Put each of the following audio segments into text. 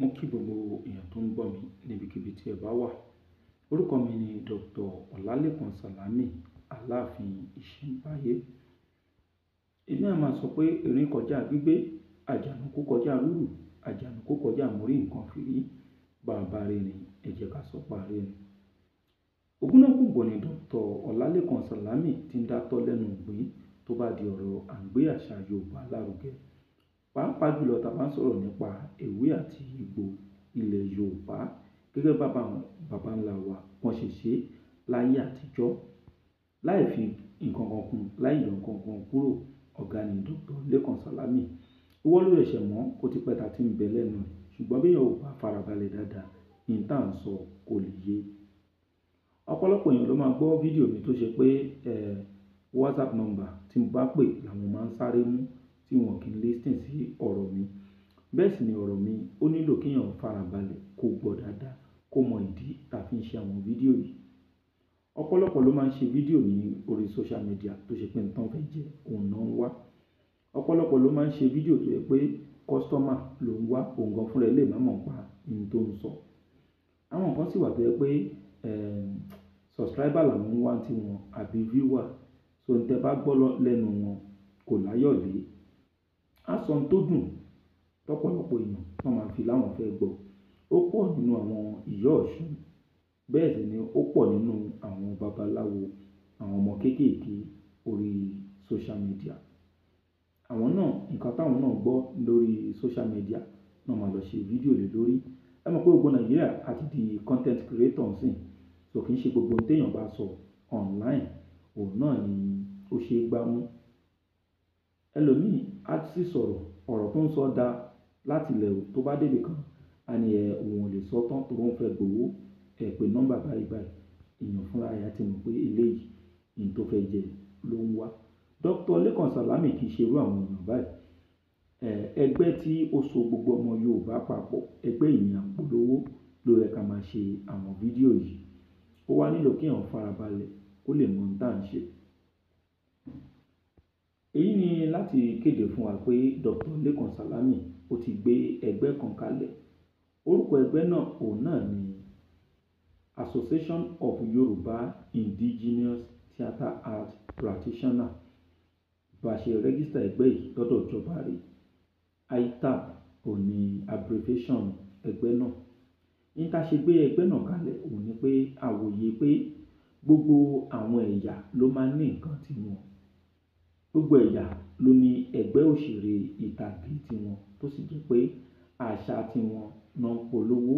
Mo kí gbogbo èèyàn tó ń gbọ́ mi níbikíbi tí ẹ bá wà. Orúkọ mi ni Dr. Ọlálékan Sàlámì Aláàfin Ìṣíǹbáyé. Èmi a máa sọ pé erin kọjá gbígbé, àjànàkú kọjá rúrù, àjànàkú kọjá múrí nǹkan fìrí, bàbá rìnrìn ẹ jẹ́ ká sọ pá rìnrìn. Ogúnnágùgbò ni Dr. Ọlálékan Sàlámì ti ń dá tọ́ lẹ́nu ìgbín tó bá di ọ̀rọ̀ à ń gbé àṣà Yorùbá lárugẹ. Pàápàá jùlọ tí a bá ń sọ̀rọ̀ nípa ewé àti egbò ilẹ̀ Yorùbá gẹ́gẹ́ bí àwọn baba ńlá wa wọ́n ṣe ṣe láyé àtijọ́. Láì fi nǹkan kan kún, láì yọ nǹkan kan kúrò. Ọ̀gá ni Dr. Lékan Sàlámì. Ọwọ́ ló ṣẹ̀ṣẹ̀ mọ̀, ó ti pẹ́ ta tí ń bẹ lẹ́nu ẹ̀, ṣùgbọ́n bí èèyàn ò bá farabalẹ̀ dáadáa, ohun tí à ń sọ kò lè yé. Ọ̀pọ̀lọpọ̀ èèyàn ló máa gbọ́ fídíò mi tó ṣe pé, eh, WhatsApp number tí mo bá pè làwọn máa ń sáré mú tí wọ́n kì í listen sí ọ̀rọ̀ mi. Bẹ́ẹ̀ sì ni ọ̀rọ̀ mi ó nílò kí èèyàn farabalẹ̀ kó gbọ́ dáadáa, kó mọ ìdí ta fi ń ṣe àwọn fídíò yìí. Ọ̀pọ̀lọpọ̀ ló máa ń ṣe fídíò ní orí social media tó ṣe pé ohun tí wọ́n fẹ́ jẹ, òun náà ń wá. Ọ̀pọ̀lọpọ̀ ló máa ń ṣe fídíò tó jẹ́ pé customer ló ń wá, òun gan fúnra ẹ lè má mọ̀ pa ohun tó ń sọ. Àwọn kan sì wà tó jẹ́ pé, eh, subscriber làwọn ń wá tí wọn àbí viewer. So ohun tí ẹ bá gbọ́ lẹ́nu wọn kò láyọ̀lé á sọ ohun tó dùn lọ́pọ̀lọpọ̀ èèyàn náà máa fi láwọn fẹ́ gbọ́ ó pọ̀ nínú àwọn ìyá ọ̀ṣun bẹ́ẹ̀ sì ni ó pọ̀ nínú àwọn babaláwo àwọn ọmọ kéékèèké orí social media àwọn náà nǹkan táwọn náà gbọ́ lórí social media náà máa lọ ṣe fídíò lé lórí ẹ mọ̀ pé gbogbo nàìjíríà àti di content creator ń sìn so kì í ṣe gbogbo ohun téèyàn bá sọ online òun náà ni ó ṣe é gbámú ẹlòmíì á sì sọ̀rọ̀ ọ̀rọ̀ tó ń sọ dáa láti ilẹ̀ tó bá débì kan á ní ẹ òun ò lè sọ tán tòun fẹ́ gbowó ẹ pé nọ́mbà báyìí báyìí èèyàn fúnra ẹ̀ á ti mọ̀ pé eléyìí ní tó fẹ́ jẹ ló ń wá dr lẹ́kàn sálámì kì í ṣerú àwọn èèyàn báyìí ẹgbẹ́ tí ó so gbogbo ọmọ yorùbá papọ̀ ẹgbẹ́ ìyìn àpolówó ló yẹ ká máa ṣe àwọn fídíò yìí ó wá nílò kí èèyàn farabalẹ̀ kó lè mọ ohun tá à ń ṣe èyí ni láti kéde fún wa pé dr lẹ́kan sálámí ó ti gbé ẹgbẹ́ kan kalẹ̀ orúkọ ẹgbẹ́ náà òun náà ni association of Yoruba indigenous theatre art practitioner bá a ṣe rẹ́gísítà ẹgbẹ́ yìí lọ́dọ̀ ìjọba rẹ̀ itap ò ní abbreviation ẹgbẹ́ náà ní tá a ṣe gbé ẹgbẹ́ náà kalẹ̀ òun ni pé àwòye pé gbogbo àwọn ẹ̀yà ló máa ń ní nǹkan tiwọn gbogbo ẹ̀yà ló ní ẹgbẹ́ òṣèré ìtàgé tiwọn tó sì jẹ́ pé àṣà tiwọn náà ń polówó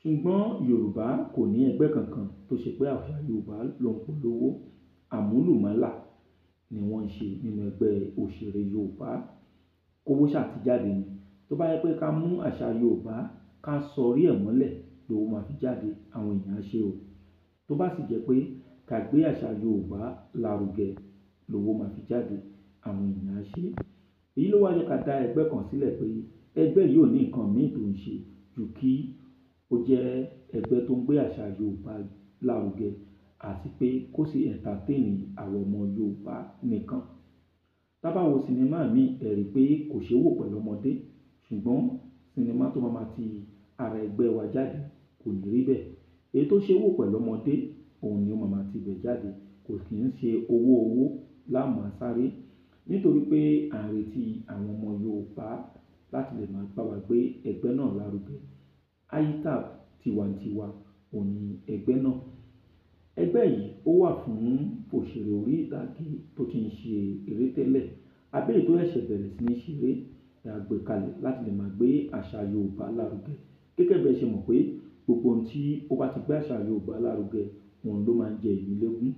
ṣùgbọ́n Yorùbá kò ní ẹgbẹ́ kankan tó ṣe pé àṣà Yorùbá ló ń polówó àmúlùmálà ni wọ́n ń ṣe nínú ẹgbẹ́ òṣèré Yorùbá kówó ṣàtijáde ni tó bá yẹ pé ká mú àṣà Yorùbá ká sọrí ẹ̀ mọ́lẹ̀ lówó máa fi jáde àwọn èèyàn á ṣe o tó bá sì jẹ́ pé ká àṣà Yorùbá lárugẹ lówó máa fi jáde àwọn èèyàn á ṣe é èyí ló wá yẹ ká dá ẹgbẹ́ kan sílẹ̀ pé ẹgbẹ́ yìí ò ní nǹkan míì tó ń ṣe ju kí ó jẹ́ ẹgbẹ́ tó ń gbé àṣà Yorùbá lárugẹ àti pé kó sì ẹ̀ńtàtẹ́ẹ̀nì àwọn ọmọ Yorùbá nìkan tábà sinimá mi ẹ̀ rí pé kò ṣeé wò pẹ̀lú ọmọdé ṣùgbọ́n sinimá tó máa ti ara ẹgbẹ́ wa jáde kò ní rí bẹ́ẹ̀ èyí tó ṣeé wò pẹ̀lú ọmọdé òun ni ó máa ti bẹ̀ jáde kò kì í ṣe owó owó láàmú sáré nítorí pé à ń retí àwọn ọmọ Yorùbá láti lè máa bá wa gbé ẹgbẹ́ náà lárugẹ. ITAB tiwantiwa òun ní ẹgbẹ́ náà. Ẹgbẹ́ yìí ó wà fún òṣèré orí ìtàgé tó ti ń ṣe eré tẹ́lẹ̀ àbí èyí tó ṣẹ̀ṣẹ̀ bẹ̀rẹ̀ sí ní ṣe eré kalẹ̀ láti lè máa gbé àṣà Yorùbá lárugẹ. Gẹ́gẹ́ bí ṣe mọ̀ pé gbogbo ohun tí ó bá ti gbé àṣà Yorùbá lárugẹ, òun ló máa ń jẹ ìyìn lógún.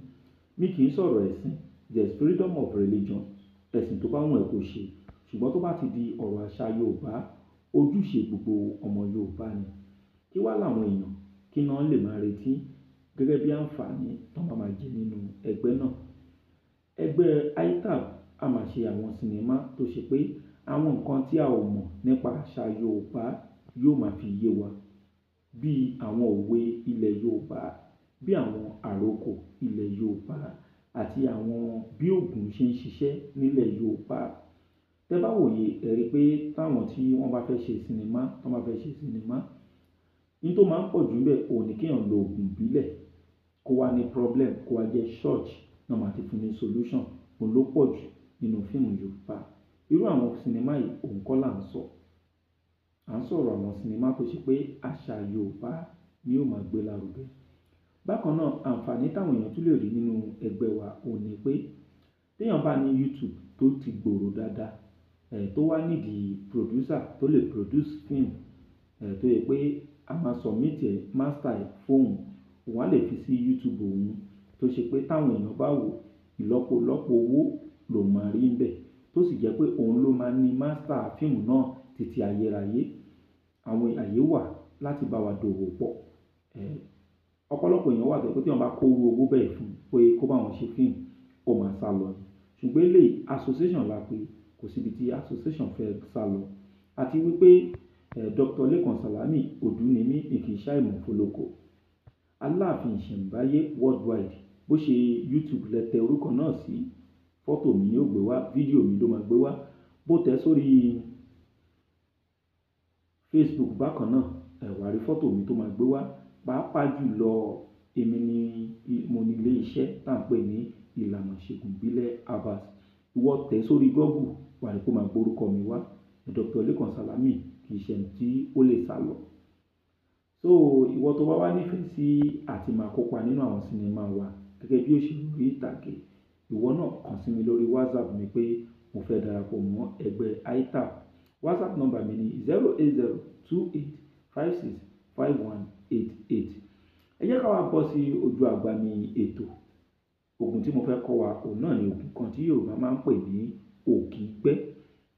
Mi kì í sọ̀rọ̀ ẹ̀sìn there is freedom of religion ẹ̀sìn tó bá wù ẹ́ kó ṣe ṣùgbọ́n tó bá ti di ọ̀rọ̀ àṣà Yorùbá ojúṣe gbogbo ọmọ Yorùbá ni kí wá làwọn èèyàn kí náà lè máa retí gẹ́gẹ́ bí àǹfààní tán bá máa jẹ nínú ẹgbẹ́ náà ẹgbẹ́ ITAB a máa ṣe àwọn sinimá tó ṣe pé àwọn nǹkan tí a ò mọ̀ nípa àṣà Yorùbá yóò máa fi yé wa bí àwọn òwe ilẹ̀ Yorùbá bí àwọn àròkọ ilẹ̀ Yorùbá àti àwọn bí oògùn ṣe ń ṣiṣẹ́ nílẹ̀ Yorùbá. Tẹ bá wòye, ẹ rí pé táwọn tí wọ́n bá fẹ́ ṣe sinimá, tí wọ́n bá fẹ́ ṣe sinimá, ohun tó máa ń pọ̀ jù níbẹ̀ òun ní kí èèyàn lo oògùn ìbílẹ̀ kó wá ní problem, kó wá jẹ́ short náà máa ti fún ní solution. Òun ló pọ̀ jù nínú fíìmù Yorùbá. Irú àwọn sinimá yìí òun kọ́ là ń sọ. À ń sọ̀rọ̀ àwọn sinimá tó ṣe pé àṣà Yorùbá ni ó máa gbé lárugẹ. Bákan náà, àǹfààní táwọn èèyàn tún lè rí nínú ẹgbẹ́ wa òun ní pé tí bá ní YouTube tó ti gbòòrò dáadáa, ẹ̀ tó wá nídi producer tó lè produce film, ẹ̀ tó yẹ pé a máa submit ẹ̀ master ẹ̀ fóun, òun a lè fi sí YouTube òun tó ṣe pé táwọn èèyàn bá wò ó, ìlọ́polọ́pọ̀ owó ló máa rí ń bẹ̀ tó sì jẹ́ pé òun ló máa ní master film náà títí ayérayé. Àwọn ààyè wà láti bá wa dòwò pọ̀. Ẹ̀ ọ̀pọ̀lọpọ̀ èèyàn wà tó pé tí wọ́n bá kó irú owó bẹ́ẹ̀ fún pé kó bá wọn ṣe fíìmù ó máa sá lọ ṣùgbọ́n eléyìí association la pé kò síbi tí association fẹ́ sá lọ àti wípé eh, Dr. Lẹ́kan Sàlámì Odùnímí ìkìṣà ìmọ̀fólókò aláàfin ìṣẹ̀ǹbáyé worldwide bó ṣe YouTube lẹ́tẹ̀ orúkọ náà sí fọ́tò mi ni ó gbé wá fídíò mi ló máa gbé wá bó tẹ̀ sórí Facebook bákan náà ẹ̀wà rí fọ́tò mi tó máa gbé wá Pàápàá jùlọ èmi ni mo ní ilé iṣẹ́ tá ń pè ní Ìlànà Ìṣègùn Ìbílẹ̀ Herbals. Ìwọ tẹ̀ sórí Google wà á rí máa gbé mi wá. Dr. Lekan Salami kì í ṣe tí ó lè sálọ. So ìwọ tó bá wá nífẹ̀ẹ́ sí àti máa kópa nínú àwọn sinimá wa gẹ́gẹ́ bí òṣèré orí ìtàgé, ìwọ náà kàn sí mi lórí WhatsApp mi pé mo fẹ́ darapọ̀ mọ́ ẹgbẹ́ ITAB. WhatsApp nọ́mbà mi ni 080285651 eight eight ẹ jẹ́ ká wá bọ́ sí ojú àgbàmì ètò oògùn tí mo fẹ́ kọ́ wa òun náà ni oògùn kan tí Yorùbá máa ń pè ní òkìgbẹ́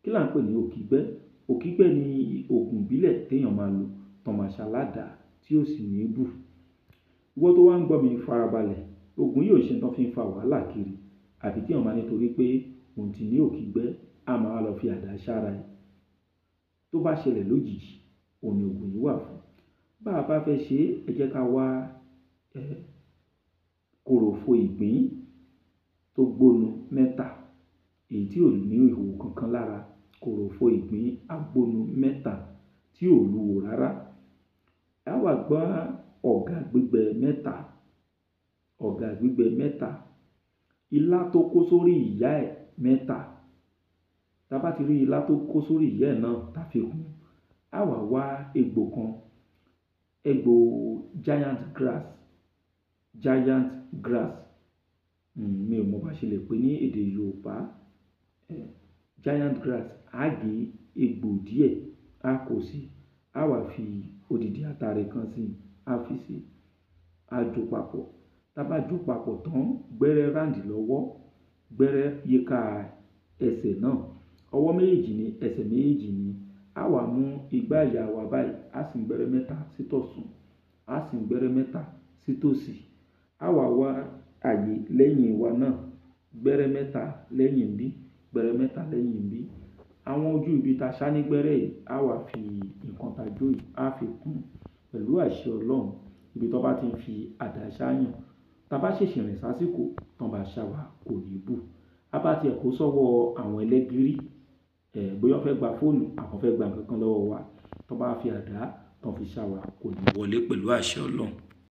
kí là ń pè ní òkìgbẹ́ òkìgbẹ́ ni oògùn ìbílẹ̀ téèyàn máa lò tọ̀mọ̀ṣàládàá tí ó sì ní bù ìwọ tó wá ń gbọ́ mi farabalẹ̀ oògùn yìí ṣe tán fi ń fa wàhálà kiri àbí tí máa nítorí pé òun ti ní òkìgbẹ́ a máa lọ fi àdá sára ẹ tó bá ṣẹlẹ̀ lójijì òun ni oògùn yìí wà fún bá a bá fẹ́ ṣe é jẹ́ ká wá koròfo ìgbín tó gbónu mẹ́ta èyí tí ò ní ìhò kankan lára koròfo ìgbín agbónu mẹ́ta tí ò lúwo rárá á wá gbá ọ̀gà gbígbẹ mẹ́ta ọ̀gà gbígbẹ mẹ́ta ilá tó kó sórí ìyá ẹ̀ mẹ́ta tá a bá ti rí ilá tó kó sórí ìyá ẹ̀ náà tá a fi kún á wá wá egbò kan egbò giant grass giant grass hmm, mi ò mọ bá ṣe lè pè ní èdè Yorùbá eh, giant grass á gé egbò díẹ̀ á kó sí á wá fi odidi atare kan sí á fi sí á jó papọ̀ tá bá jó papọ̀ tán gbẹ́rẹ́ ráǹdì lọ́wọ́ gbẹ́rẹ́ yíká ẹsẹ̀ náà ọwọ́ méjèèjì ni ẹsẹ̀ méjèèjì ni á wà mú igbá àyà wa báyìí á sì ń gbẹ́rẹ́ mẹ́ta sítọ̀sùn á sì ń gbẹ́rẹ́ mẹ́ta sítòsì á wà wá àyè lẹ́yìn wa náà gbẹ́rẹ́ mẹ́ta lẹ́yìn bí gbẹ́rẹ́ mẹ́ta lẹ́yìn bí àwọn ojú ibi tá a ṣá yìí á wà fi nǹkan tá a jó yìí á fi kún pẹ̀lú àṣẹ ọlọ́run ibi tó bá ti fi àdá ṣáàyàn tá ṣèṣì rìn sásìkò tán bá ṣá wa kò ní bù a bá tiẹ̀ kó sọ́wọ́ àwọn ẹlẹ́gìrì ẹ̀ eh, bóyá wọ́n fẹ́ gba fóònù àwọn fẹ́ gba nǹkan kan lọ́wọ́ wa tó bá fi àdá tó fi ṣá wa kò ní wọlé pẹ̀lú àṣẹ Ọlọ́run